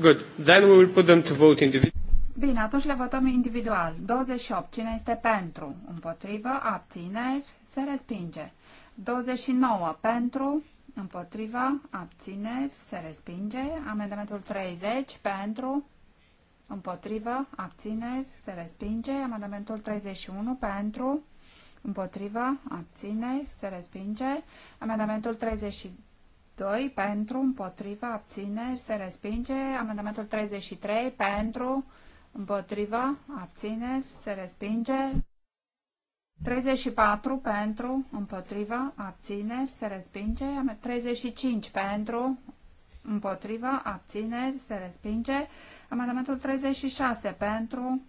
A: Good. Then we will put them to vote individual.
B: Bine, atunci le votăm individual. 28. Cine este pentru? Împotrivă? Abțineri? Se respinge. 29. Pentru? Împotriva, abțineri, se respinge. Amendamentul 30 pentru, împotriva, abțineri, se respinge. Amendamentul 31 pentru, împotriva, abțineri, se respinge. Amendamentul 32 pentru, împotriva, abțineri, se respinge. Amendamentul 33 pentru, împotriva, abțineri, se respinge. 34 pentru, împotriva, abțineri, se respinge. 35 pentru, împotriva, abțineri, se respinge. Amendamentul 36 pentru,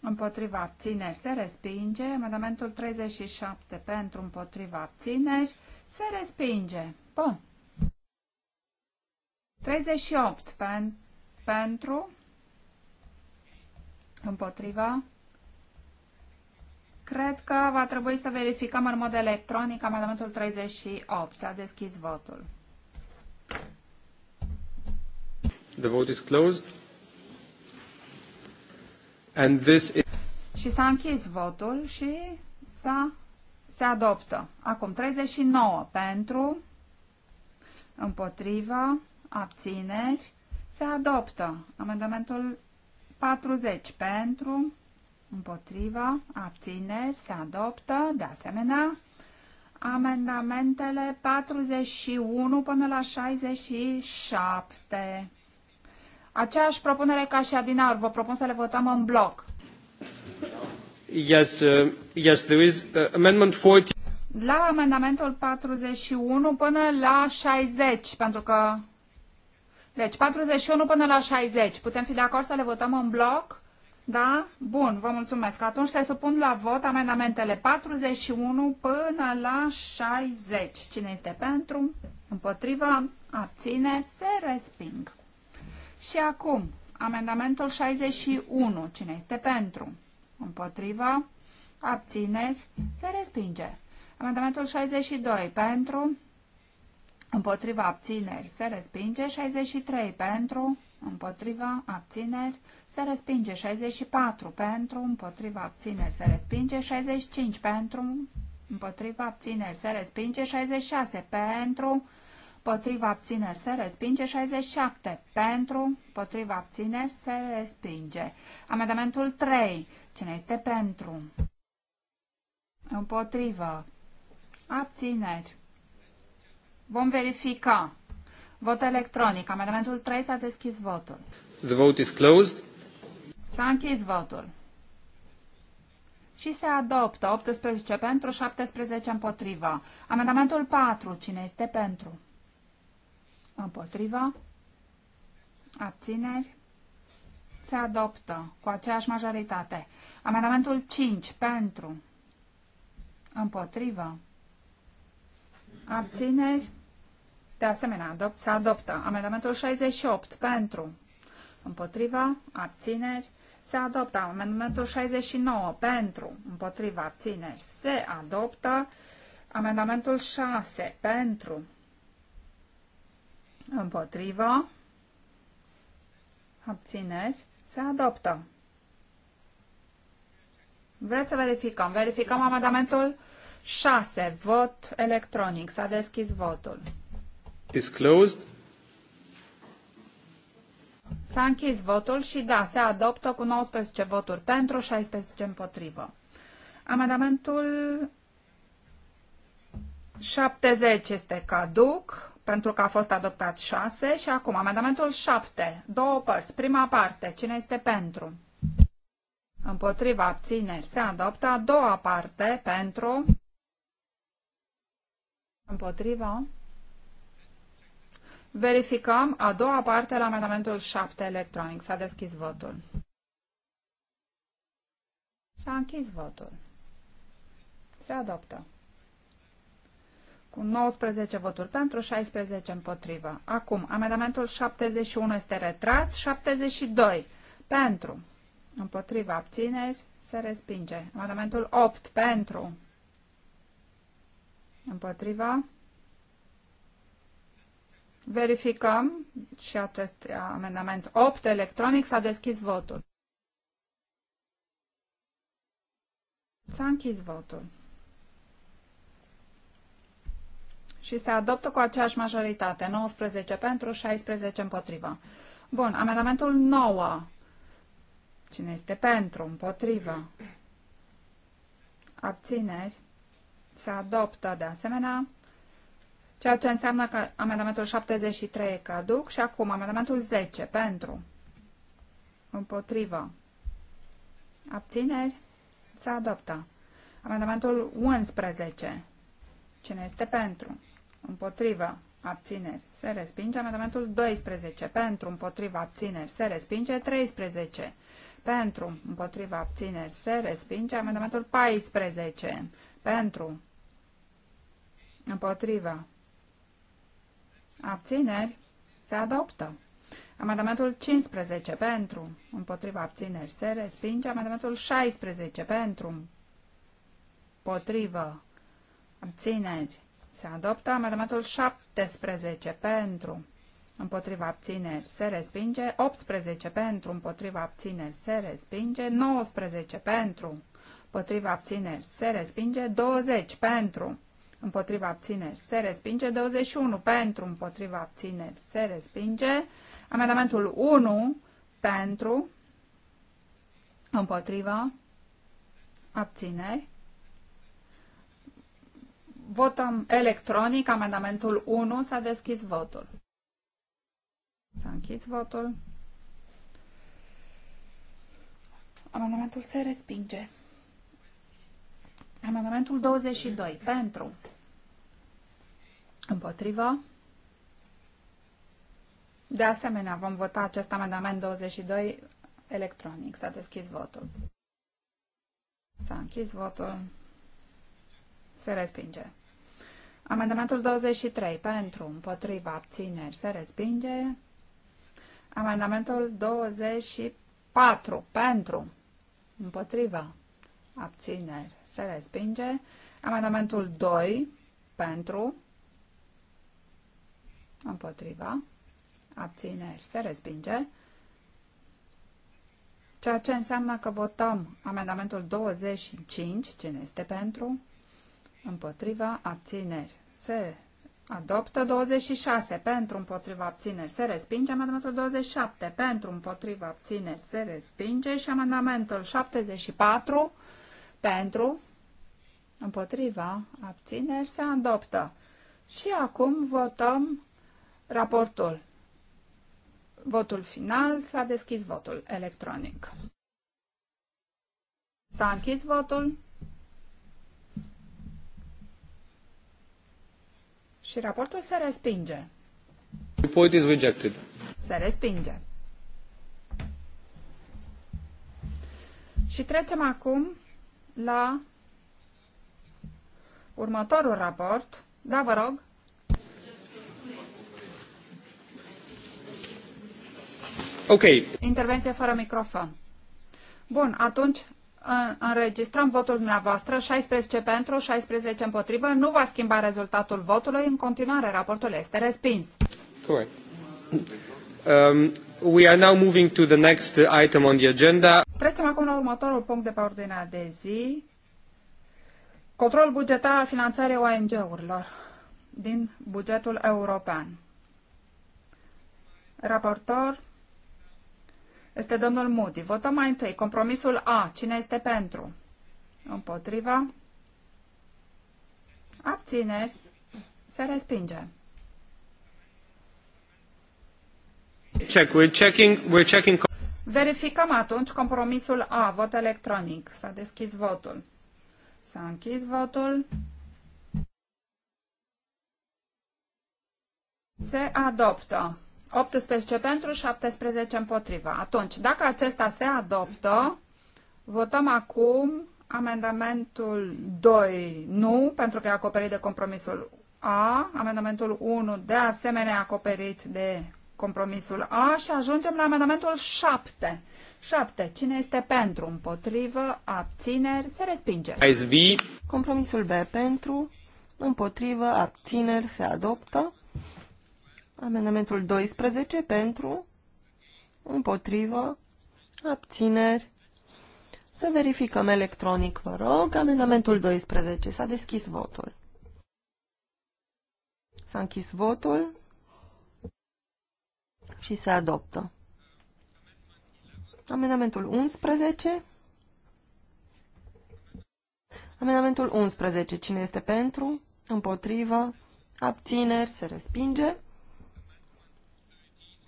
B: împotriva, abțineri, se respinge. Amendamentul 37 pentru, împotriva, abțineri, se respinge. Bun. 38 pen, pentru, împotriva, abțineri Cred că va trebui să verificăm în mod electronic amendamentul 38. S-a deschis votul.
C: The vote is closed. And this is...
B: Și s-a închis votul și s-a, se adoptă. Acum 39 pentru, împotrivă, abțineri, se adoptă. Amendamentul 40 pentru, împotriva, abțineri, se adoptă, de asemenea, amendamentele 41 până la 67. Aceeași propunere ca și Adinaur, vă propun să le votăm în bloc.
C: Yes, uh, yes, there is uh, amendment 40.
B: La amendamentul 41 până la 60, pentru că... Deci, 41 până la 60. Putem fi de acord să le votăm în bloc? Da? Bun, vă mulțumesc. Atunci se supun la vot amendamentele 41 până la 60. Cine este pentru? Împotriva? Abține? Se resping. Și acum, amendamentul 61. Cine este pentru? Împotriva? abține, Se respinge. Amendamentul 62. Pentru? Împotriva abțineri se respinge. 63 pentru împotriva, abțineri, se respinge 64 pentru, împotriva, abțineri, se respinge 65 pentru, împotriva, abțineri, se respinge 66 pentru, împotriva, abțineri, se respinge 67 pentru, împotriva, abțineri, se respinge. Amendamentul 3. Cine este pentru? Împotrivă. Abțineri. Vom verifica. Vot electronic. Amendamentul 3 s-a deschis votul.
C: The vote is closed.
B: S-a închis votul. Și se adoptă 18 pentru, 17 împotriva. Amendamentul 4. Cine este pentru? Împotriva. Abțineri. Se adoptă cu aceeași majoritate. Amendamentul 5. Pentru. Împotriva. Abțineri. De asemenea, adopt, se adoptă amendamentul 68 pentru, împotriva, abțineri, se adoptă amendamentul 69 pentru, împotriva, abțineri, se adoptă amendamentul 6 pentru, împotriva, abțineri, se adoptă. Vreți să verificăm? Verificăm amendamentul 6, vot electronic. S-a deschis votul
C: disclosed.
B: S-a închis votul și da, se adoptă cu 19 voturi pentru, 16 împotrivă. Amendamentul 70 este caduc, pentru că a fost adoptat 6 și acum amendamentul 7, două părți. Prima parte, cine este pentru? Împotriva abțineri se adoptă. A doua parte, pentru? Împotriva Verificăm a doua parte la amendamentul 7 electronic. S-a deschis votul. S-a închis votul. Se adoptă. Cu 19 voturi pentru, 16 împotrivă. Acum, amendamentul 71 este retras, 72 pentru, împotriva abțineri, se respinge. Amendamentul 8 pentru, împotriva Verificăm și acest amendament 8 electronic s-a deschis votul. S-a închis votul. Și se adoptă cu aceeași majoritate, 19 pentru, 16 împotriva. Bun, amendamentul 9. Cine este pentru, împotriva? Abțineri. Se adoptă de asemenea. Ceea ce înseamnă că amendamentul 73 e caduc și acum amendamentul 10 pentru, împotrivă, abțineri, se adoptă. Amendamentul 11. Cine este pentru? Împotrivă, abțineri, se respinge. Amendamentul 12. Pentru, împotrivă, abțineri, se respinge. 13. Pentru, împotrivă abțineri, se respinge. Amendamentul 14. Pentru, împotrivă abțineri, se adoptă. Amendamentul 15 pentru, împotriva abțineri, se respinge. Amendamentul 16 pentru, împotrivă, abțineri, se adoptă. Amendamentul 17 pentru, împotriva abțineri, se respinge. 18 pentru, împotriva abțineri, se respinge. 19 pentru, împotriva abțineri, se respinge. 20 pentru, împotriva abțineri se respinge, 21 pentru împotriva abțineri se respinge, amendamentul 1 pentru împotriva abțineri. Votăm electronic amendamentul 1, s-a deschis votul. S-a închis votul. Amendamentul se respinge. Amendamentul 22. Pentru. Împotrivă. De asemenea, vom vota acest amendament 22 electronic. S-a deschis votul. S-a închis votul. Se respinge. Amendamentul 23. Pentru, împotriva, abțineri. Se respinge. Amendamentul 24. Pentru, împotriva, abțineri. Se respinge. Amendamentul 2 pentru. Împotriva. Abțineri. Se respinge. Ceea ce înseamnă că votăm amendamentul 25. Cine este pentru? Împotriva. Abțineri. Se Adoptă 26 pentru împotriva abțineri se respinge, amendamentul 27 pentru împotriva abțineri se respinge și amendamentul 74 pentru împotriva, abțineri, se adoptă. Și acum votăm raportul. Votul final, s-a deschis votul electronic. S-a închis votul. Și raportul se respinge.
C: Report is rejected.
B: Se respinge. Și trecem acum la Următorul raport. Da, vă rog. Ok. Intervenție fără microfon. Bun, atunci înregistrăm votul dumneavoastră, 16 pentru, 16 împotrivă. Nu va schimba rezultatul votului. În continuare, raportul este respins.
C: Corect. Um, we are now moving to the next item on the agenda.
B: Trecem acum la următorul punct de pe ordinea de zi. Control bugetar al finanțării ONG-urilor din bugetul european. Raportor este domnul Moody. Votăm mai întâi. Compromisul A. Cine este pentru? Împotriva? Abțineri? Se respinge.
C: Check. We're checking, we're checking...
B: Verificăm atunci compromisul A, vot electronic. S-a deschis votul. S-a închis votul. Se adoptă. 18 pentru, 17 împotriva. Atunci, dacă acesta se adoptă, votăm acum amendamentul 2, nu, pentru că e acoperit de compromisul A, amendamentul 1, de asemenea acoperit de compromisul A și ajungem la amendamentul 7. 7. Cine este pentru? Împotrivă? Abțineri?
A: Se respinge. SV. Compromisul B pentru, împotrivă, abțineri, se adoptă. Amendamentul 12 pentru, împotrivă, abțineri. Să verificăm electronic, vă rog. Amendamentul 12. S-a deschis votul. S-a închis votul și se adoptă. Amendamentul 11. Amendamentul 11. Cine este pentru? Împotrivă? Abțineri? Se respinge?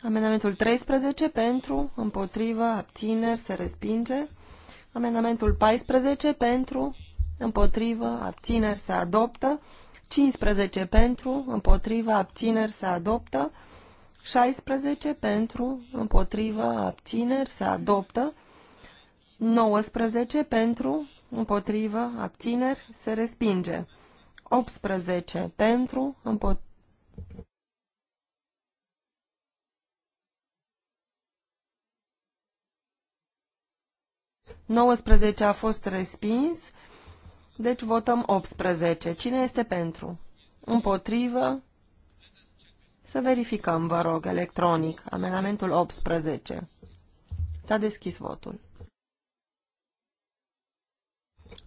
A: Amendamentul 13. Pentru? Împotrivă? Abțineri? Se respinge? Amendamentul 14. Pentru? Împotrivă? Abțineri? Se adoptă? 15. Pentru? Împotrivă? Abțineri? Se adoptă? 16 pentru, împotrivă, abțineri, se adoptă. 19 pentru, împotrivă, abțineri, se respinge. 18 pentru, împotrivă. Nouăsprezece a fost respins, deci votăm 18. Cine este pentru? Împotrivă, să verificăm, vă rog, electronic, amendamentul 18. S-a deschis votul.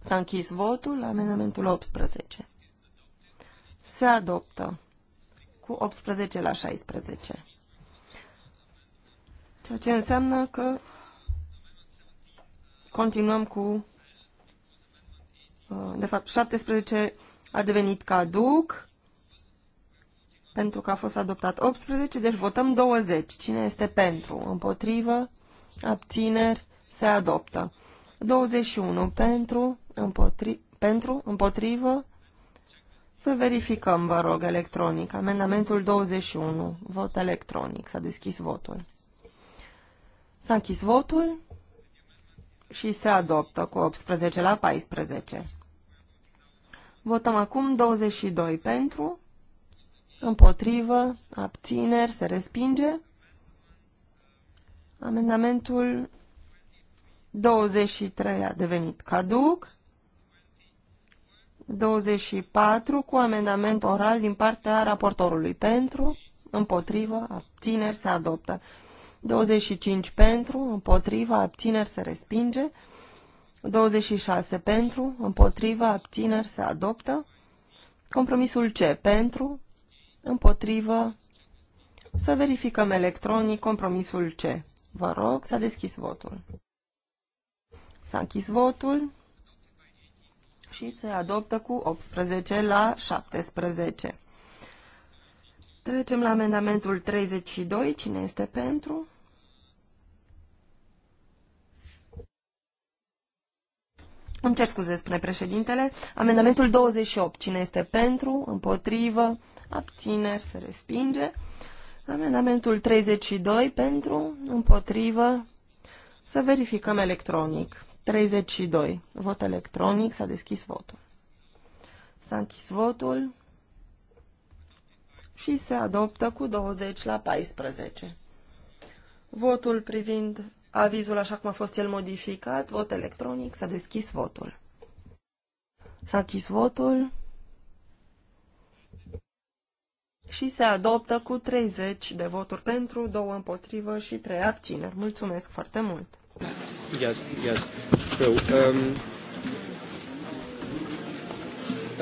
A: S-a închis votul, amendamentul 18. Se adoptă cu 18 la 16. Ceea ce înseamnă că continuăm cu... Uh, de fapt, 17 a devenit caduc, pentru că a fost adoptat 18, deci votăm 20. Cine este pentru? Împotrivă? Abțineri? Se adoptă. 21 pentru, împotri pentru împotrivă? Să verificăm, vă rog, electronic. Amendamentul 21, vot electronic. S-a deschis votul. S-a închis votul și se adoptă cu 18 la 14. Votăm acum 22 pentru, împotrivă, abțineri, se respinge. Amendamentul 23 a devenit caduc. 24 cu amendament oral din partea raportorului pentru, împotrivă, abțineri, se adoptă. 25 pentru, împotrivă, abțineri, se respinge. 26 pentru, împotrivă, abțineri, se adoptă. Compromisul C pentru, împotrivă, să verificăm electronic compromisul C. Vă rog, s-a deschis votul. S-a închis votul și se adoptă cu 18 la 17. Trecem la amendamentul 32. Cine este pentru? Îmi cer scuze, spune președintele. Amendamentul 28. Cine este pentru? Împotrivă? abțineri, se respinge. Amendamentul 32 pentru, împotrivă, să verificăm electronic. 32. Vot electronic. S-a deschis votul. S-a închis votul și se adoptă cu 20 la 14. Votul privind avizul așa cum a fost el modificat, vot electronic, s-a deschis votul. S-a închis votul și se adoptă cu 30 de voturi pentru, 2 împotrivă și 3 abțineri. Mulțumesc foarte mult!
C: Yes, yes. So, um,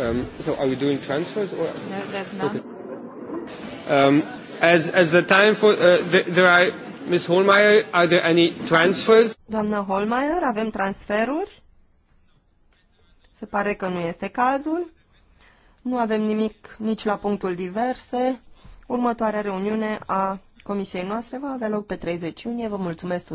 C: um, so are we doing transfers or? No, there's none. Okay. Um, as, as the time for, uh, the, there are, Ms. Holmeyer, are there any transfers?
A: Doamna Holmeyer, avem transferuri? Se pare că nu este cazul. Nu avem nimic nici la punctul diverse. Următoarea reuniune a comisiei noastre va avea loc pe 30 iunie. Vă mulțumesc tuturor.